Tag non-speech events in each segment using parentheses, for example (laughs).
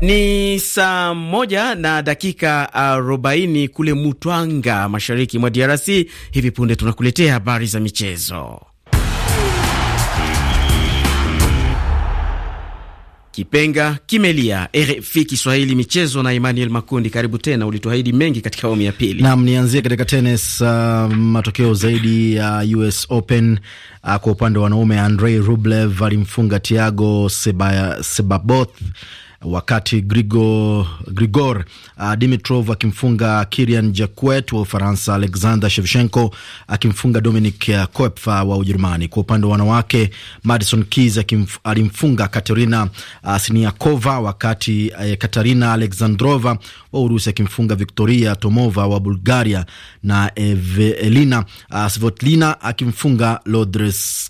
Ni saa moja na dakika arobaini kule Mutwanga, mashariki mwa DRC. Hivi punde tunakuletea habari za michezo. Kipenga kimelia. RFI Kiswahili michezo na Emmanuel Makundi, karibu tena. Ulituahidi mengi katika awamu ya pili. Naam, nianzie katika tenis. Uh, matokeo zaidi ya uh, US Open uh, kwa upande wa wanaume Andrei Rublev alimfunga Tiago Sebaboth wakati Grigor, Grigor uh, Dimitrov akimfunga Kirian Jakwet wa Ufaransa, Alexander Shevchenko akimfunga Dominic uh, Koepfer wa Ujerumani. Kwa upande wa wanawake, Madison Keys alimfunga Katerina uh, Siniakova, wakati uh, Katarina Alexandrova wa Urusi akimfunga Victoria Tomova wa Bulgaria na Evelina uh, Svotlina akimfunga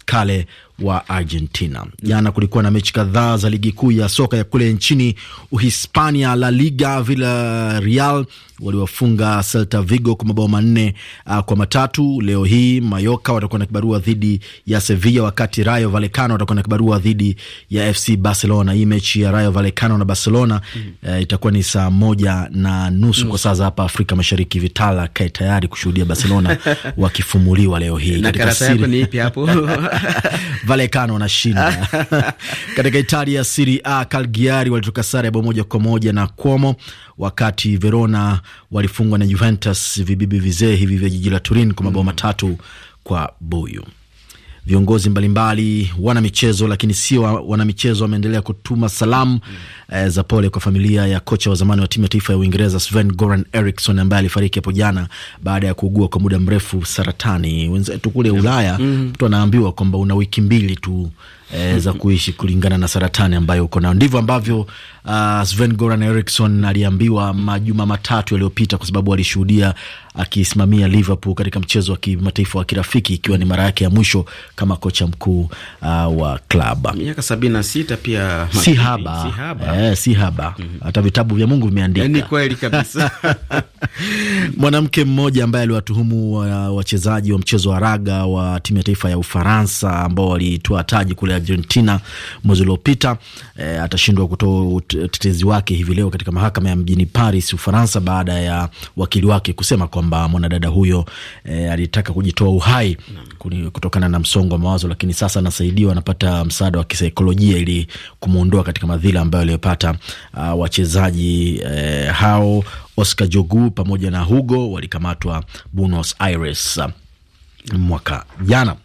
kale wa Argentina. Jana kulikuwa na mechi kadhaa za ligi kuu ya soka ya kule nchini Uhispania, La Liga, Villarreal waliwafunga Celta Vigo kwa mabao manne uh, kwa matatu. Leo hii Mayoka watakuwa na kibarua dhidi ya Sevilla, wakati Rayo Vallecano watakuwa na kibarua dhidi ya FC Barcelona. Hii mechi ya Rayo Vallecano na Barcelona mm. uh, itakuwa ni saa moja na nusu mm. kwa saa za hapa Afrika Mashariki. Vitala kae tayari kushuhudia Barcelona (laughs) wakifumuliwa leo hii katika siri (laughs) Vallecano wanashinda (laughs) katika Italia Serie A, Cagliari walitoka sare ya bao moja kwa moja na Como, wakati Verona walifungwa na Juventus vibibi vizee hivi vya jiji la Turin kwa mabao mm. matatu kwa buyu. Viongozi mbalimbali, wanamichezo, lakini sio wanamichezo, wameendelea kutuma salamu mm. e, za pole kwa familia ya kocha wa zamani wa timu ya taifa ya Uingereza Sven Goran Eriksson ambaye alifariki hapo jana baada ya kuugua kwa muda mrefu saratani. Wenzetu kule Ulaya mtu mm. anaambiwa kwamba una wiki mbili tu e, za kuishi kulingana na saratani ambayo uko nayo. Ndivyo ambavyo uh, Sven Goran Eriksson aliambiwa majuma matatu yaliyopita, kwa sababu alishuhudia akisimamia Liverpool katika mchezo wa kimataifa wa kirafiki, ikiwa ni mara yake ya mwisho kama kocha mkuu uh, wa klaba. Miaka sabini na sita pia si haba, si haba, eh, si haba. Mm -hmm. Hata vitabu vya Mungu vimeandika, eh, ni kweli kabisa. (laughs) Mwanamke mmoja ambaye aliwatuhumu ah, wachezaji wa, wa mchezo wa raga wa timu ya taifa ya Ufaransa ambao walitoa taji kule Argentina mwezi uliopita. E, atashindwa kutoa utetezi wake hivi leo katika mahakama ya mjini Paris, Ufaransa, baada ya wakili wake kusema kwamba mwanadada huyo e, alitaka kujitoa uhai kutokana na msongo wa mawazo, lakini sasa anasaidiwa, anapata msaada wa kisaikolojia ili kumwondoa katika madhila ambayo aliyopata. Uh, wachezaji e, hao Oscar Jogu pamoja na Hugo walikamatwa Buenos Aires mwaka jana.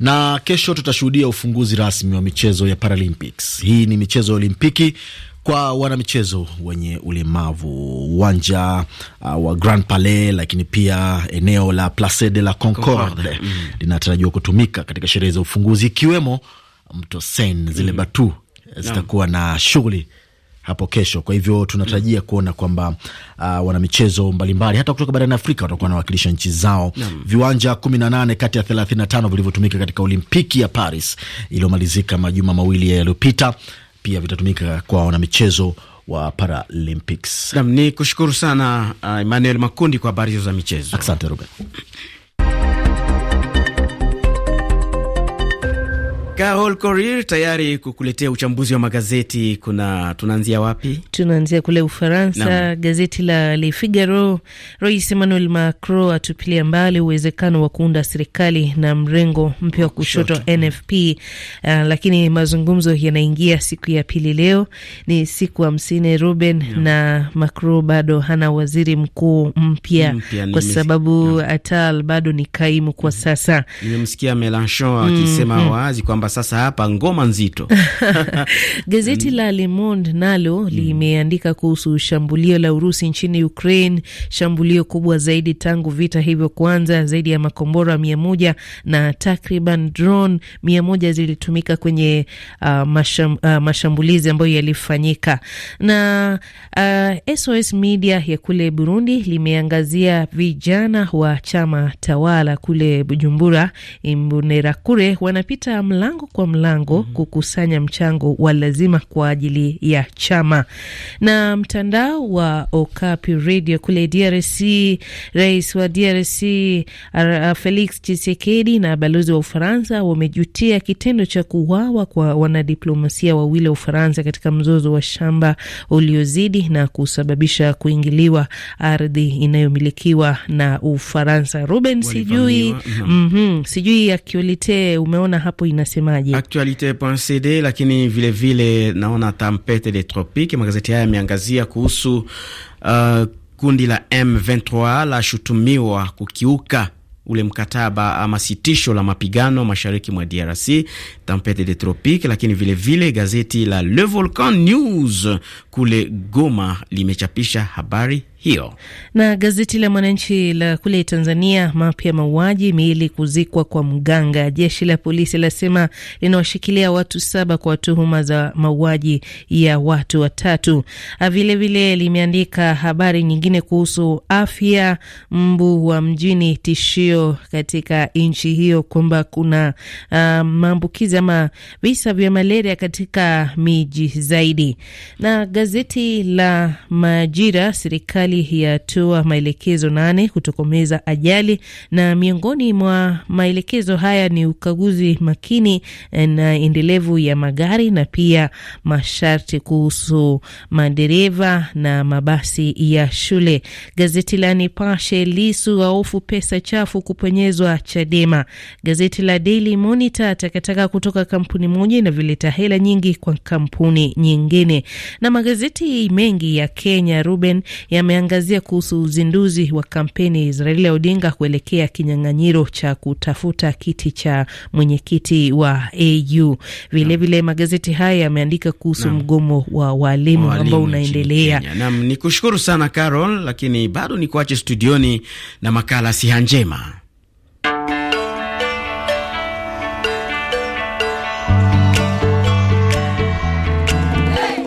Na kesho tutashuhudia ufunguzi rasmi wa michezo ya Paralympics. Hii ni michezo ya Olimpiki kwa wanamichezo wenye ulemavu. Uwanja uh, wa Grand Palais, lakini pia eneo la Place de la Concorde mm. linatarajiwa mm, kutumika katika sherehe za ufunguzi, ikiwemo mto Seine. Zile mm, batu eh, zitakuwa na shughuli hapo kesho. Kwa hivyo tunatarajia kuona kwamba uh, wanamichezo mbalimbali hata kutoka barani Afrika watakuwa wanawakilisha nchi zao. mm. Viwanja 18 kati ya 35 vilivyotumika katika Olimpiki ya Paris iliyomalizika majuma mawili yaliyopita pia vitatumika kwa wanamichezo wa Paralympics. Nam ni kushukuru sana uh, Emmanuel Makundi kwa habari hizo za michezo. Asante Ruben. (laughs) Carol Korir tayari kukuletea uchambuzi wa magazeti. Kuna tunaanzia wapi? Tunaanzia kule Ufaransa no. Gazeti la Le Figaro: Rais Emmanuel Macron atupilia mbali uwezekano wa kuunda serikali na mrengo mpya wa kushoto, kushoto NFP. Uh, lakini mazungumzo yanaingia siku ya pili leo, ni siku hamsini Ruben no. na Macron bado hana waziri mkuu mpya kwa sababu no. Atal bado ni kaimu kwa mm-hmm. sasa. Nimemsikia Melanchon mm-hmm. akisema mm mm, wazi kwamba kwamba sasa hapa ngoma nzito. (laughs) Gazeti la Le Monde nalo mm. limeandika kuhusu shambulio la Urusi nchini Ukraine, shambulio kubwa zaidi tangu vita hivyo kuanza. Zaidi ya makombora mia moja na takriban drone mia moja zilitumika kwenye uh, masham, uh, mashambulizi ambayo yalifanyika na uh, SOS Media ya kule Burundi limeangazia vijana wa chama tawala kule Bujumbura, Imbonerakure wanapita mlango mlango kwa mlango mm -hmm. kukusanya mchango wa lazima kwa ajili ya chama. Na mtandao wa Okapi Radio kule DRC, rais wa DRC uh, Felix Tshisekedi na balozi wa Ufaransa wamejutia kitendo cha kuuawa kwa wanadiplomasia wawili wa Ufaransa katika mzozo wa shamba uliozidi na kusababisha kuingiliwa ardhi inayomilikiwa na Ufaransa. Ruben, sijui mm -hmm, sijui akiolite umeona hapo inasema mtazamaji. Actualite.cd, lakini vilevile vile naona Tampete de tropique magazeti haya yameangazia kuhusu uh, kundi la M23 lashutumiwa kukiuka ule mkataba ama sitisho la mapigano mashariki mwa DRC, Tempete de Tropique. Lakini vilevile vile, gazeti la Le Volcan News kule Goma limechapisha habari hiyo. Na gazeti la Mwananchi la kule Tanzania, mapya mauaji, miili kuzikwa kwa mganga. Jeshi la polisi lasema linawashikilia watu saba kwa tuhuma za mauaji ya watu watatu. Vilevile ah, limeandika habari nyingine kuhusu afya, mbu wa mjini tishio katika nchi hiyo, kwamba kuna uh, maambukizi ama visa vya malaria katika miji zaidi. Na gazeti la Majira, serikali serikali yatoa maelekezo nane kutokomeza ajali, na miongoni mwa maelekezo haya ni ukaguzi makini eh, na endelevu ya magari na pia masharti kuhusu madereva na mabasi ya shule. Gazeti la Nipashe, Lisu aofu pesa chafu kupenyezwa Chadema. Gazeti la Daily Monitor, takataka kutoka kampuni moja inavileta hela nyingi kwa kampuni nyingine. Na magazeti mengi ya Kenya, Ruben, yameangalia tunaangazia kuhusu uzinduzi wa kampeni za Raila ya Odinga kuelekea kinyang'anyiro cha kutafuta kiti cha mwenyekiti wa AU. Vilevile magazeti haya yameandika kuhusu mgomo wa walimu ambao unaendelea. ni kushukuru sana Carol, lakini bado ni kuache studioni na makala siha njema.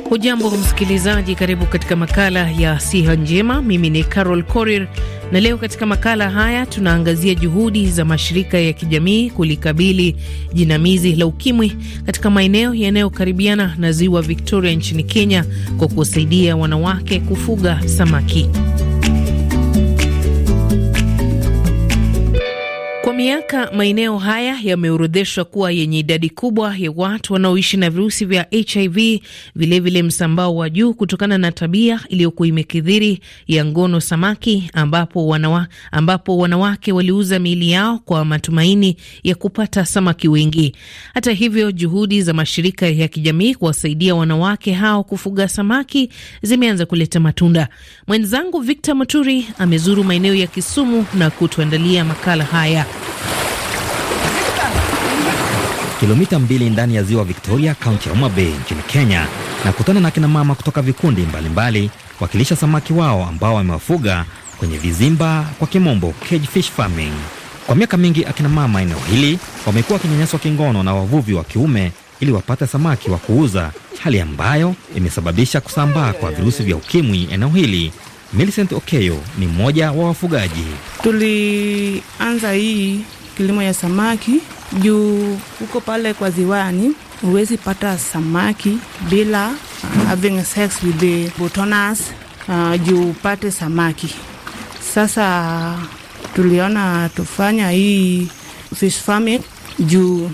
Hujambo msikilizaji, karibu katika makala ya siha njema. Mimi ni Carol Korir, na leo katika makala haya tunaangazia juhudi za mashirika ya kijamii kulikabili jinamizi la ukimwi katika maeneo yanayokaribiana na ziwa Victoria nchini Kenya kwa kuwasaidia wanawake kufuga samaki. miaka maeneo haya yameorodheshwa kuwa yenye idadi kubwa ya watu wanaoishi na virusi vya HIV, vilevile msambao wa juu kutokana na tabia iliyokuwa imekithiri ya ngono samaki, ambapo, wanawa, ambapo wanawake waliuza miili yao kwa matumaini ya kupata samaki wengi. Hata hivyo, juhudi za mashirika ya kijamii kuwasaidia wanawake hao kufuga samaki zimeanza kuleta matunda. Mwenzangu Victor maturi amezuru maeneo ya Kisumu na kutuandalia makala haya kilomita mbili ndani ya ziwa Victoria, kaunti ya Homa nchini Kenya, na kutana na kinamama kutoka vikundi mbalimbali wakilisha samaki wao ambao wamewafuga kwenye vizimba, kwa kimombo cage fish farming. Kwa miaka mingi akina mama eneo hili wamekuwa wakinyanyaswa kingono na wavuvi wa kiume ili wapate samaki wa kuuza, hali ambayo imesababisha kusambaa kwa virusi vya ukimwi eneo hili Millicent Okeyo ni mmoja wa wafugaji. Tulianza hii kilimo ya samaki juu huko pale kwa ziwani huwezi pata samaki bila uh, having sex with the botonas uh, juu upate samaki. Sasa tuliona tufanya hii fish farming juu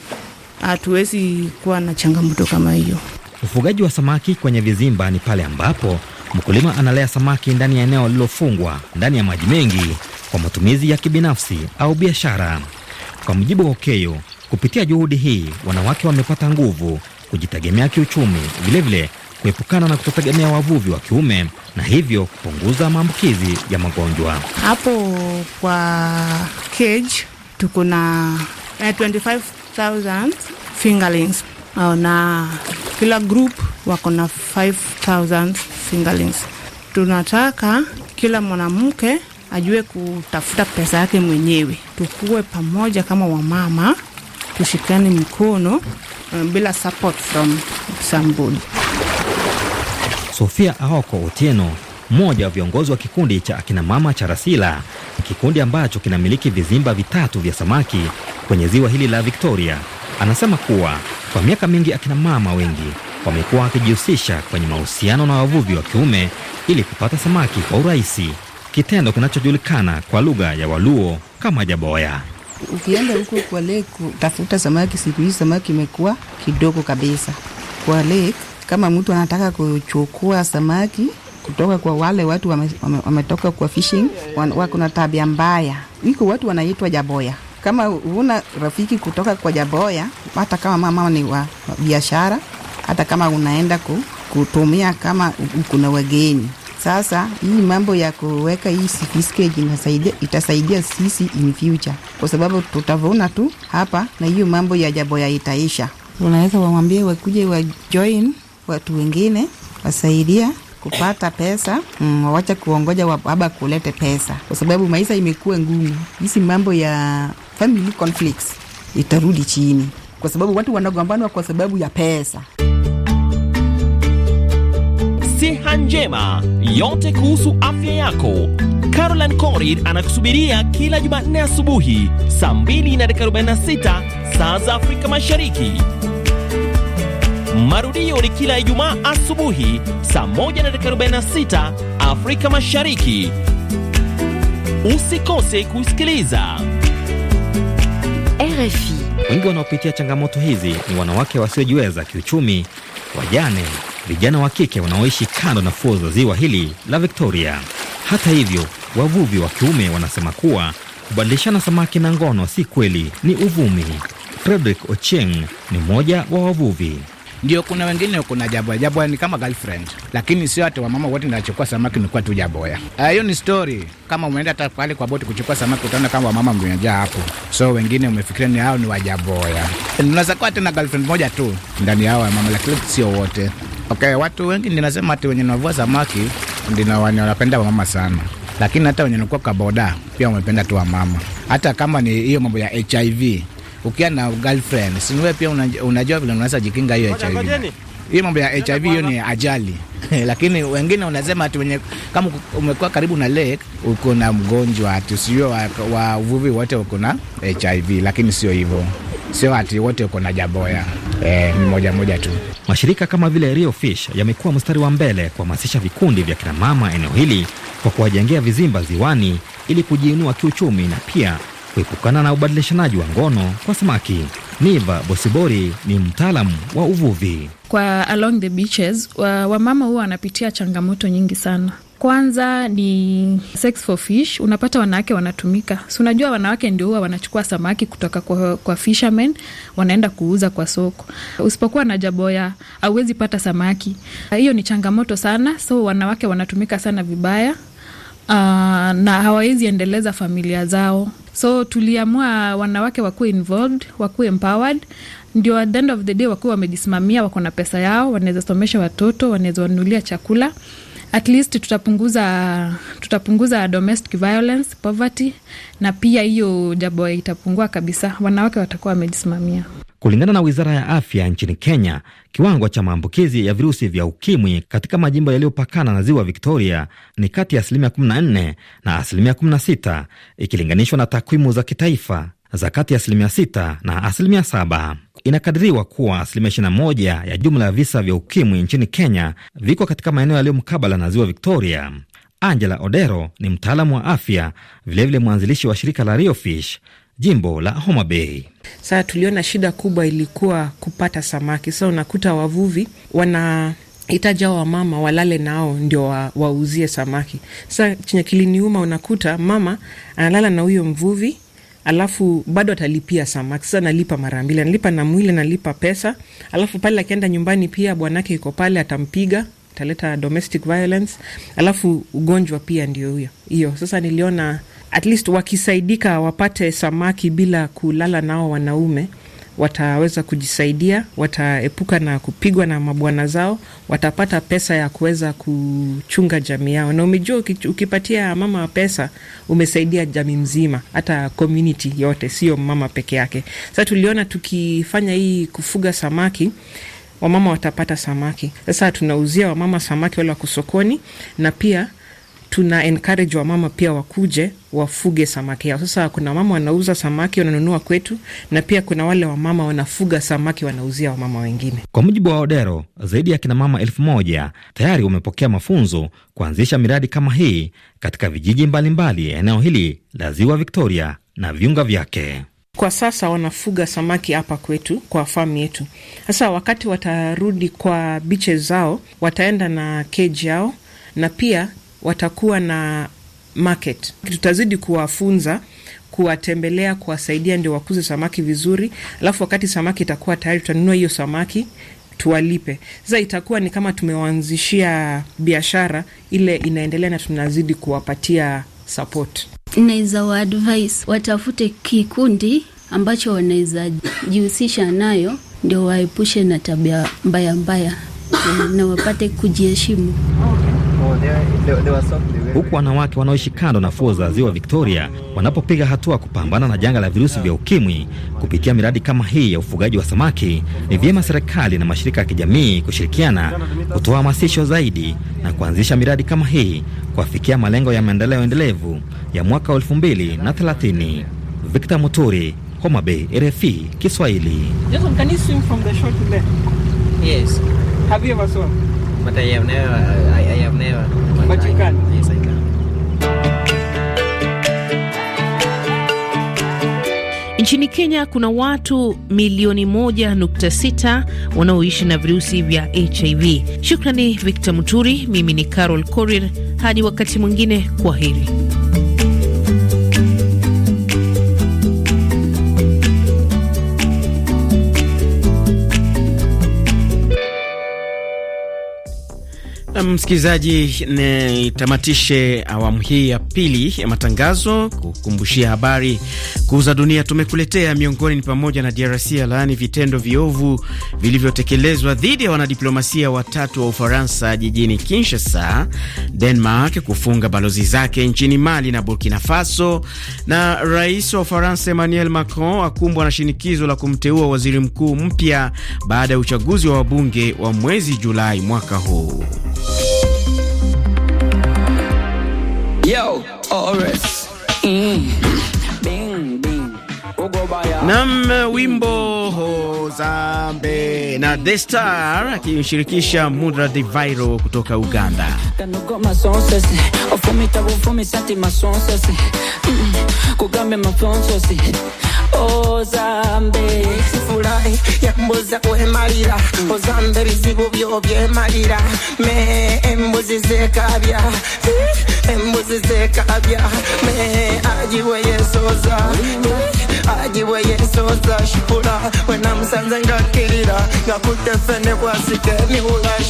hatuwezi kuwa na changamoto kama hiyo. Ufugaji wa samaki kwenye vizimba ni pale ambapo Mkulima analea samaki ndani ya eneo lililofungwa ndani ya maji mengi kwa matumizi ya kibinafsi au biashara. Kwa mujibu wa Okeyo, kupitia juhudi hii wanawake wamepata nguvu kujitegemea kiuchumi, vilevile kuepukana na kutotegemea wavuvi wa kiume na hivyo kupunguza maambukizi ya magonjwa. Hapo kwa cage tuko na 25,000 eh, fingerlings na kila group wako na 5000 singlings. Tunataka kila mwanamke ajue kutafuta pesa yake mwenyewe, tukuwe pamoja kama wamama, tushikane mkono um, bila support from somebody. Sofia Aoko Otieno, mmoja wa viongozi wa kikundi cha akinamama cha Rasila, kikundi ambacho kinamiliki vizimba vitatu vya samaki kwenye ziwa hili la Victoria, anasema kuwa kwa miaka mingi akina mama wengi wamekuwa wakijihusisha kwenye mahusiano na wavuvi wa kiume ili kupata samaki kwa urahisi, kitendo kinachojulikana kwa lugha ya Waluo kama jaboya. Ukienda huko kwa lake tafuta samaki, siku hizi samaki imekuwa kidogo kabisa kwa lake. Kama mtu anataka kuchukua samaki kutoka kwa wale watu wametoka wame, wame kwa fishing wako na tabia mbaya, iko watu wanaitwa jaboya. Kama huna rafiki kutoka kwa jaboya hata kama mama ni wa biashara, hata kama unaenda ku, kutumia kama kuna wageni. Sasa hii mambo ya kuweka hii certificate inasaidia, itasaidia sisi in future, kwa sababu tutavuna tu hapa na hiyo mambo ya jabo ya itaisha. Unaweza wamwambie wakuje wa join watu wengine wasaidia kupata pesa mm, wawacha kuongoja wababa kulete pesa, kwa sababu maisha imekuwa ngumu. hisi mambo ya family conflicts itarudi chini kwa sababu watu wanagombana kwa sababu ya pesa. Siha Njema, yote kuhusu afya yako. Caroline Corid anakusubiria kila Jumanne asubuhi saa 246 saa za Afrika Mashariki. Marudio ni kila Ijumaa asubuhi saa 146 Afrika Mashariki. Usikose kusikiliza RFI. Wengi wanaopitia changamoto hizi ni wanawake wasiojiweza kiuchumi, wajane, vijana wa kike wanaoishi kando na fuo za ziwa hili la Victoria. Hata hivyo, wavuvi wa kiume wanasema kuwa kubadilishana samaki na ngono si kweli, ni uvumi. Frederick Ocheng ni mmoja wa wavuvi. Ndio kuna wengine kuna jaboya jaboya ni kama girlfriend, lakini sio hata wamama wote nachukua samaki nikuwa tu jaboya. Ah, hiyo ni story. Kama umeenda hata pale kwa boti kuchukua samaki, utaona kama wamama mjaa hapo, so wengine umefikiria ni hao ni wajaboya. Unaweza kuwa tena girlfriend moja tu ndani yao wamama, lakini sio wote. Okay, watu wengi ninasema hata wenye navua samaki ndio wanapenda wamama sana lakini hata wenye nakuwa kaboda pia wamependa tu wamama, hata kama ni hiyo mambo ya HIV ukiwa na girlfriend, si wewe pia unajua, vile unaweza jikinga hiyo HIV. Hii mambo ya HIV hiyo ni ajali (laughs) lakini wengine unasema ati wenye kama umekuwa karibu na lake uko na mgonjwa ati sio wa, wa uvuvi wote uko na HIV, lakini sio hivyo, sio ati wote uko na jaboya eh, ni mmoja mmoja tu. Mashirika kama vile Rio Fish yamekuwa mstari wa mbele kuhamasisha vikundi vya kinamama eneo hili kwa kuwajengea vizimba ziwani ili kujiinua kiuchumi na pia kuepukana na ubadilishanaji wa ngono kwa samaki. Niva Bosibori ni mtaalamu wa uvuvi. Kwa along the beaches, wamama wa huwa wanapitia changamoto nyingi sana. Kwanza ni sex for fish, unapata wanawake wanatumika. Si unajua wanawake ndio huwa wanachukua samaki kutoka kwa, kwa fishermen wanaenda kuuza kwa soko. Usipokuwa na jaboya hauwezi pata samaki, hiyo ni changamoto sana. So wanawake wanatumika sana vibaya uh, na hawawezi endeleza familia zao, so tuliamua wanawake wakuwe involved, wakuwe empowered ndio at the end of the day wakuwa wamejisimamia, wako na pesa yao, wanaweza somesha watoto, wanaweza wanunulia chakula. At least tutapunguza tutapunguza domestic violence, poverty na pia hiyo jabo itapungua kabisa, wanawake watakuwa wamejisimamia. Kulingana na wizara ya afya nchini Kenya, kiwango cha maambukizi ya virusi vya ukimwi katika majimbo yaliyopakana na ziwa Victoria ni kati ya asilimia 14 na asilimia 16 ikilinganishwa na takwimu za kitaifa za kati ya asilimia 6 na asilimia 7. Inakadiriwa kuwa asilimia 21 ya jumla ya visa vya ukimwi nchini Kenya viko katika maeneo yaliyomkabala na ziwa Victoria. Angela Odero ni mtaalamu wa afya, vilevile mwanzilishi wa shirika la Riofish jimbo la Homa Bay. Sasa tuliona shida kubwa ilikuwa kupata samaki. Sasa unakuta wavuvi wana hitaji hao wamama walale nao ndio wa, wauzie samaki. Sasa chenye kiliniuma, unakuta mama analala na huyo mvuvi alafu bado atalipia samaki. Sasa nalipa mara mbili, analipa na mwili, nalipa pesa, alafu pale akienda nyumbani pia bwanake iko pale, atampiga ataleta domestic violence, alafu ugonjwa pia ndio hiyo hiyo. Sasa niliona at least wakisaidika wapate samaki bila kulala nao wanaume wataweza kujisaidia, wataepuka na kupigwa na mabwana zao, watapata pesa ya kuweza kuchunga jamii yao. Na umejua, ukipatia mama pesa umesaidia jamii mzima, hata community yote, sio mama peke yake. Sasa tuliona tukifanya hii kufuga samaki wamama watapata samaki. Sasa tunauzia wamama samaki wale wako sokoni na pia tuna encourage wamama pia wakuje wafuge samaki yao. Sasa kuna wamama wanauza samaki wananunua kwetu, na pia kuna wale wamama wanafuga samaki wanauzia wamama wengine. Kwa mujibu wa Odero, zaidi ya kinamama elfu moja tayari wamepokea mafunzo kuanzisha miradi kama hii katika vijiji mbalimbali eneo hili la ziwa Victoria na viunga vyake. Kwa sasa wanafuga samaki hapa kwetu kwa famu yetu. Sasa wakati watarudi kwa biche zao, wataenda na keji yao na pia watakuwa na market. Tutazidi kuwafunza, kuwatembelea, kuwasaidia ndio wakuze samaki vizuri, alafu wakati samaki itakuwa tayari tutanunua hiyo samaki tuwalipe. Sasa itakuwa ni kama tumewaanzishia biashara ile, inaendelea na tunazidi kuwapatia support. Naweza waadvise watafute kikundi ambacho wanaweza jihusisha nayo, ndio waepushe na tabia mbaya mbaya na wapate kujiheshimu huku wanawake wanaoishi kando na fuo za ziwa Victoria wanapopiga hatua kupambana na janga la virusi vya ukimwi kupitia miradi kama hii ya ufugaji wa samaki, ni vyema serikali na mashirika ya kijamii kushirikiana kutoa hamasisho zaidi na kuanzisha miradi kama hii kuafikia malengo ya maendeleo endelevu ya mwaka wa elfu mbili na thelathini. Victor Muturi, Homa Bay, RFI Kiswahili. Yes from there. Nchini Kenya kuna watu milioni 1.6 wanaoishi na virusi vya HIV. Shukrani Victor Muturi, mimi ni Carol Korir, hadi wakati mwingine, kwa heri. Nam msikilizaji, nitamatishe awamu hii ya pili ya matangazo kukumbushia habari kuu za dunia tumekuletea. Miongoni ni pamoja na DRC alaani vitendo viovu vilivyotekelezwa dhidi ya wanadiplomasia watatu wa Ufaransa jijini Kinshasa, Denmark kufunga balozi zake nchini Mali na Burkina Faso, na rais wa Ufaransa Emmanuel Macron akumbwa na shinikizo la kumteua waziri mkuu mpya baada ya uchaguzi wa wabunge wa mwezi Julai mwaka huu. Oris. Mm. Bing, bing. Nam wimbo Zambe na The Star akimshirikisha Mudra Viro kutoka Uganda. Ozambe sifurahi yambuza Ozambe bizibu byo byemalira me embuzi zekabya embuzi zekabya me agiwe yesoza agiwe yesoza shipula wenamusanze ngakirira ngakutefene kwasike mihulash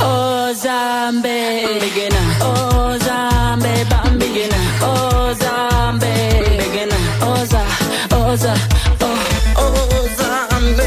ozambe mbigena ozambe bambigena ozambe mbigena oza oza oh. ozambe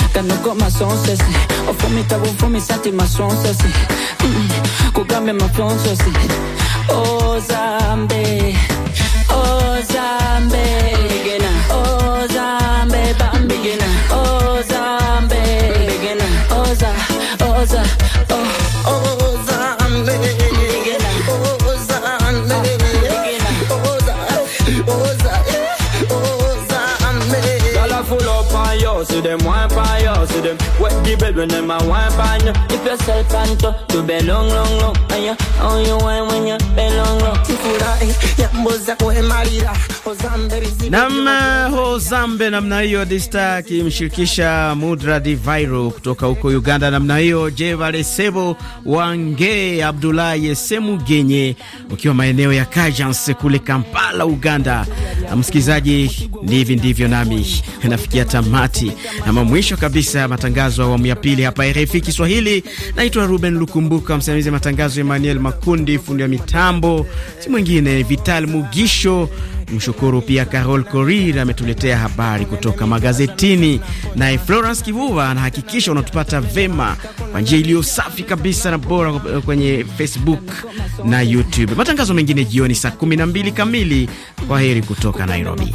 Kanoko ma son sesi Ofumi tabu fumi sati ma son sesi my ma flon sesi Oh Zambe Oh Zambe the girl, when them a want on you. If yourself and to, you be long, long. long And you, how you want when you be long. long kwe Nama Hozambe namna hiyo Dista akimshirikisha Mudra Divairo kutoka huko Uganda, namna hiyo Jevalesebo Wange Abdulahi Semugenye ukiwa maeneo ya Kajans kule Kampala, Uganda. Msikilizaji, ndivi ndivyo nami nafikia tamati ama mwisho kabisa matangazo awamu ya pili hapa RFI Kiswahili. Naitwa Ruben Lukumbuka, msimamizi wa matangazo ya Emmanuel Makundi, fundi wa mitambo si mwingine Vital Mugisho. Mshukuru pia Carol Korir ametuletea habari kutoka magazetini, naye Florence Kivuva anahakikisha unatupata vema kwa njia iliyo safi kabisa na bora kwenye Facebook na YouTube. Matangazo mengine jioni saa 12 kamili. Kwa heri kutoka Nairobi.